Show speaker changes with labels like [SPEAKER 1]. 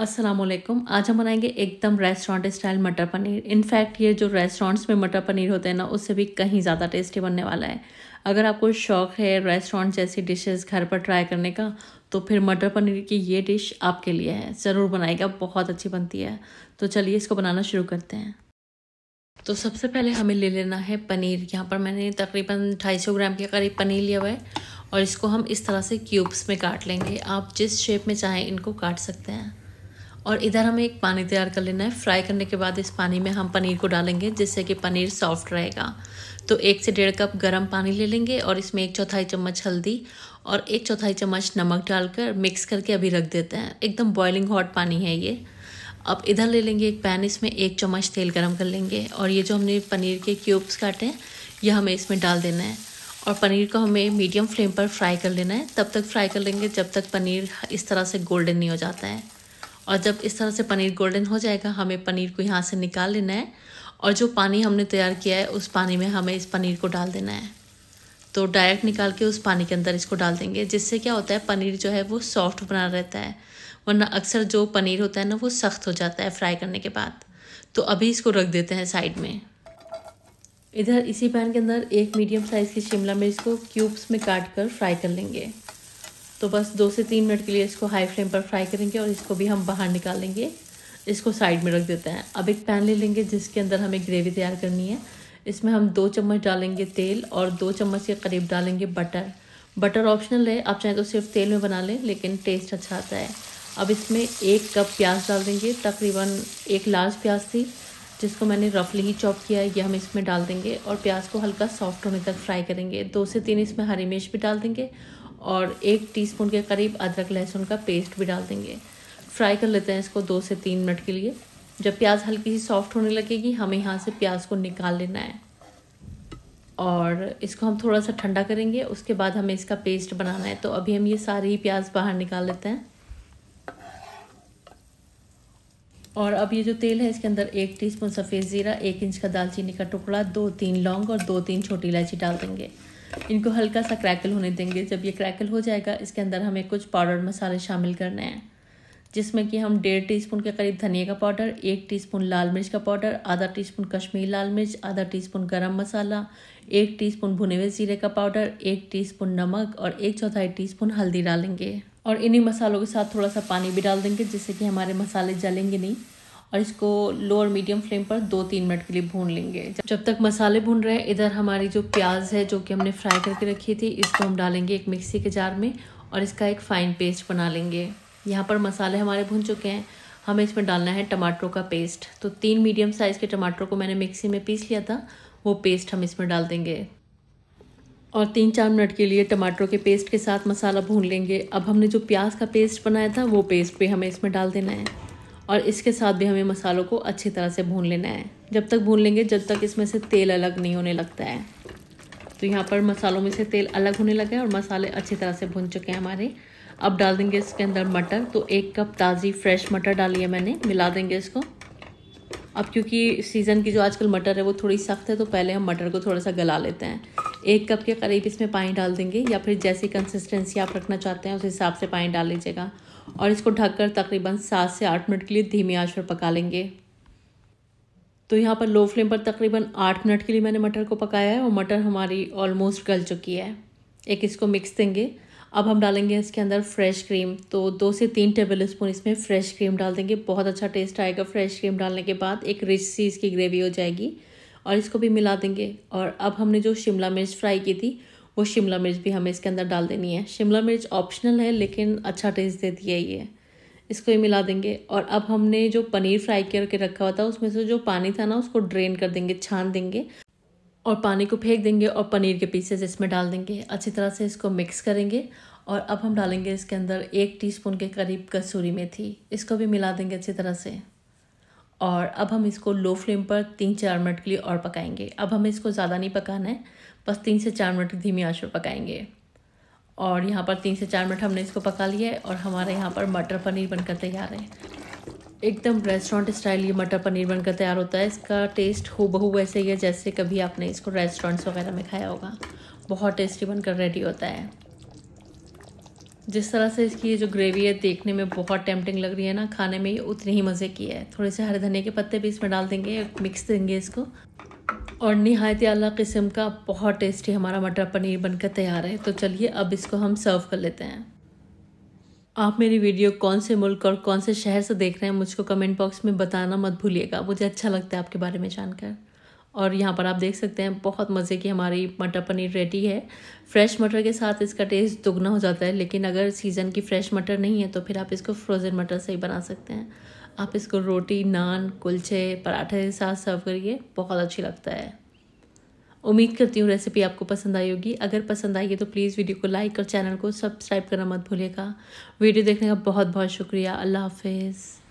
[SPEAKER 1] असलम आज हम बनाएंगे एकदम restaurant style matar paneer in fact ये जो रेस्टोरेंट्स में मटर पनीर होते हैं ना उससे भी कहीं ज़्यादा टेस्टी बनने वाला है अगर आपको शौक़ है रेस्टोरेंट जैसी डिशेस घर पर ट्राई करने का तो फिर मटर पनीर की ये डिश आपके लिए है ज़रूर बनाएगा बहुत अच्छी बनती है तो चलिए इसको बनाना शुरू करते हैं तो सबसे पहले हमें ले लेना है पनीर यहाँ पर मैंने तकरीबन ढाई सौ ग्राम के करीब पनीर लिया हुआ है और इसको हम इस तरह से क्यूब्स में काट लेंगे आप जिस शेप में चाहें इनको काट सकते हैं और इधर हमें एक पानी तैयार कर लेना है फ्राई करने के बाद इस पानी में हम पनीर को डालेंगे जिससे कि पनीर सॉफ्ट रहेगा तो एक से डेढ़ कप गर्म पानी ले लेंगे और इसमें एक चौथाई चम्मच हल्दी और एक चौथाई चम्मच नमक डालकर मिक्स करके अभी रख देते हैं एकदम बॉयलिंग हॉट पानी है ये अब इधर ले लेंगे एक पैन इसमें एक चम्मच तेल गरम कर लेंगे और ये जो हमने पनीर के क्यूब्स काटे हैं यह हमें इसमें डाल देना है और पनीर को हमें मीडियम फ्लेम पर फ्राई कर लेना है तब तक फ्राई कर लेंगे जब तक पनीर इस तरह से गोल्डन नहीं हो जाता है और जब इस तरह से पनीर गोल्डन हो जाएगा हमें पनीर को यहाँ से निकाल लेना है और जो पानी हमने तैयार किया है उस पानी में हमें इस पनीर को डाल देना है तो डायरेक्ट निकाल के उस पानी के अंदर इसको डाल देंगे जिससे क्या होता है पनीर जो है वो सॉफ्ट बना रहता है वरना अक्सर जो पनीर होता है ना वो सख्त हो जाता है फ्राई करने के बाद तो अभी इसको रख देते हैं साइड में इधर इसी पैन के अंदर एक मीडियम साइज़ की शिमला मिर्च को क्यूब्स में काट कर फ्राई कर लेंगे तो बस दो से तीन मिनट के लिए इसको हाई फ्लेम पर फ्राई करेंगे और इसको भी हम बाहर निकाल लेंगे इसको साइड में रख देते हैं अब एक पैन ले लेंगे जिसके अंदर हमें ग्रेवी तैयार करनी है इसमें हम दो चम्मच डालेंगे तेल और दो चम्मच के करीब डालेंगे बटर बटर ऑप्शनल है आप चाहें तो सिर्फ तेल में बना लें लेकिन टेस्ट अच्छा आता है अब इसमें एक कप प्याज डाल देंगे तकरीबन एक लार्ज प्याज थी जिसको मैंने रफली ही चॉप किया है ये हम इसमें डाल देंगे और प्याज को हल्का सॉफ्ट होने तक फ्राई करेंगे दो से तीन इसमें हरी मिर्च भी डाल देंगे और एक टीस्पून के करीब अदरक लहसुन का पेस्ट भी डाल देंगे फ्राई कर लेते हैं इसको दो से तीन मिनट के लिए जब प्याज हल्की सी सॉफ्ट होने लगेगी हमें यहाँ से प्याज को निकाल लेना है और इसको हम थोड़ा सा ठंडा करेंगे उसके बाद हमें इसका पेस्ट बनाना है तो अभी हम ये सारे ही प्याज बाहर निकाल लेते हैं और अब ये जो तेल है इसके अंदर एक टीस्पून सफ़ेद ज़ीरा एक इंच का दालचीनी का टुकड़ा दो तीन लौंग और दो तीन छोटी इलायची डाल देंगे इनको हल्का सा क्रैकल होने देंगे जब ये क्रैकल हो जाएगा इसके अंदर हमें कुछ पाउडर मसाले शामिल करने हैं जिसमें कि हम डेढ़ स्पून के करीब धनिया का पाउडर एक स्पून लाल मिर्च का पाउडर आधा टी स्पून कश्मीरी लाल मिर्च आधा टी स्पून गर्म मसाला एक स्पून भुने हुए जीरे का पाउडर एक स्पून नमक और एक चौथाई स्पून हल्दी डालेंगे और इन्हीं मसालों के साथ थोड़ा सा पानी भी डाल देंगे जिससे कि हमारे मसाले जलेंगे नहीं और इसको लो और मीडियम फ्लेम पर दो तीन मिनट के लिए भून लेंगे जब तक मसाले भून रहे हैं इधर हमारी जो प्याज है जो कि हमने फ्राई करके रखी थी इसको हम डालेंगे एक मिक्सी के जार में और इसका एक फाइन पेस्ट बना लेंगे यहाँ पर मसाले हमारे भून चुके हैं हमें इसमें डालना है टमाटरों का पेस्ट तो तीन मीडियम साइज़ के टमाटरों को मैंने मिक्सी में पीस लिया था वो पेस्ट हम इसमें डाल देंगे और तीन चार मिनट के लिए टमाटरों के पेस्ट के साथ मसाला भून लेंगे अब हमने जो प्याज का पेस्ट बनाया था वो पेस्ट भी पे हमें इसमें डाल देना है और इसके साथ भी हमें मसालों को अच्छी तरह से भून लेना है जब तक भून लेंगे जब तक इसमें से तेल अलग नहीं होने लगता है तो यहाँ पर मसालों में से तेल अलग होने लगा है और मसाले अच्छी तरह से भून चुके हैं हमारे अब डाल देंगे इसके अंदर मटर तो एक कप ताज़ी फ्रेश मटर डाली है मैंने मिला देंगे इसको अब क्योंकि सीज़न की जो आजकल मटर है वो थोड़ी सख्त है तो पहले हम मटर को थोड़ा सा गला लेते हैं एक कप के करीब इसमें पानी डाल देंगे या फिर जैसी कंसिस्टेंसी आप रखना चाहते हैं उस हिसाब से पानी डाल लीजिएगा और इसको ढककर तकरीबन सात से आठ मिनट के लिए धीमी आंच पर पका लेंगे तो यहाँ पर लो फ्लेम पर तकरीबन आठ मिनट के लिए मैंने मटर को पकाया है और मटर हमारी ऑलमोस्ट गल चुकी है एक इसको मिक्स देंगे अब हम डालेंगे इसके अंदर फ्रेश क्रीम तो दो से तीन टेबल स्पून इसमें फ्रेश क्रीम डाल देंगे बहुत अच्छा टेस्ट आएगा फ्रेश क्रीम डालने के बाद एक रिच सी इसकी ग्रेवी हो जाएगी और इसको भी मिला देंगे और अब हमने जो शिमला मिर्च फ्राई की थी वो शिमला मिर्च भी हमें इसके अंदर डाल देनी है शिमला मिर्च ऑप्शनल है लेकिन अच्छा टेस्ट देती है ये इसको ही मिला देंगे और अब हमने जो पनीर फ्राई करके रखा हुआ था उसमें से जो पानी था ना उसको ड्रेन कर देंगे छान देंगे और पानी को फेंक देंगे और पनीर के पीसेस इसमें डाल देंगे अच्छी तरह से इसको मिक्स करेंगे और अब हम डालेंगे इसके अंदर एक टीस्पून के करीब कसूरी मेथी इसको भी मिला देंगे अच्छी तरह से और अब हम इसको लो फ्लेम पर तीन चार मिनट के लिए और पकाएंगे अब हमें इसको ज़्यादा नहीं पकाना है बस तीन से चार मिनट धीमी आंच पर पकाएंगे और यहाँ पर तीन से चार मिनट हमने इसको पका लिया है और हमारे यहाँ पर मटर पनीर बनकर तैयार है एकदम रेस्टोरेंट स्टाइल ये मटर पनीर बनकर तैयार होता है इसका टेस्ट हो बहू वैसे ही है जैसे कभी आपने इसको रेस्टोरेंट्स वगैरह में खाया होगा बहुत टेस्टी बनकर रेडी होता है जिस तरह से इसकी ये जो ग्रेवी है देखने में बहुत टेम्पटिंग लग रही है ना खाने में उतनी ही मज़े की है थोड़े से हरे धनिया के पत्ते भी इसमें डाल देंगे मिक्स देंगे इसको और नहायत अला किस्म का बहुत टेस्टी हमारा मटर पनीर बनकर तैयार है तो चलिए अब इसको हम सर्व कर लेते हैं आप मेरी वीडियो कौन से मुल्क और कौन से शहर से देख रहे हैं मुझको कमेंट बॉक्स में बताना मत भूलिएगा मुझे अच्छा लगता है आपके बारे में जानकर और यहाँ पर आप देख सकते हैं बहुत मज़े की हमारी मटर पनीर रेडी है फ्रेश मटर के साथ इसका टेस्ट दुगना हो जाता है लेकिन अगर सीज़न की फ्रेश मटर नहीं है तो फिर आप इसको फ्रोज़न मटर से ही बना सकते हैं आप इसको रोटी नान कुलचे पराठे के साथ सर्व करिए बहुत अच्छी लगता है उम्मीद करती हूँ रेसिपी आपको पसंद आई होगी अगर पसंद आई है तो प्लीज़ वीडियो को लाइक और चैनल को सब्सक्राइब करना मत भूलिएगा वीडियो देखने का बहुत बहुत शुक्रिया अल्लाह हाफिज़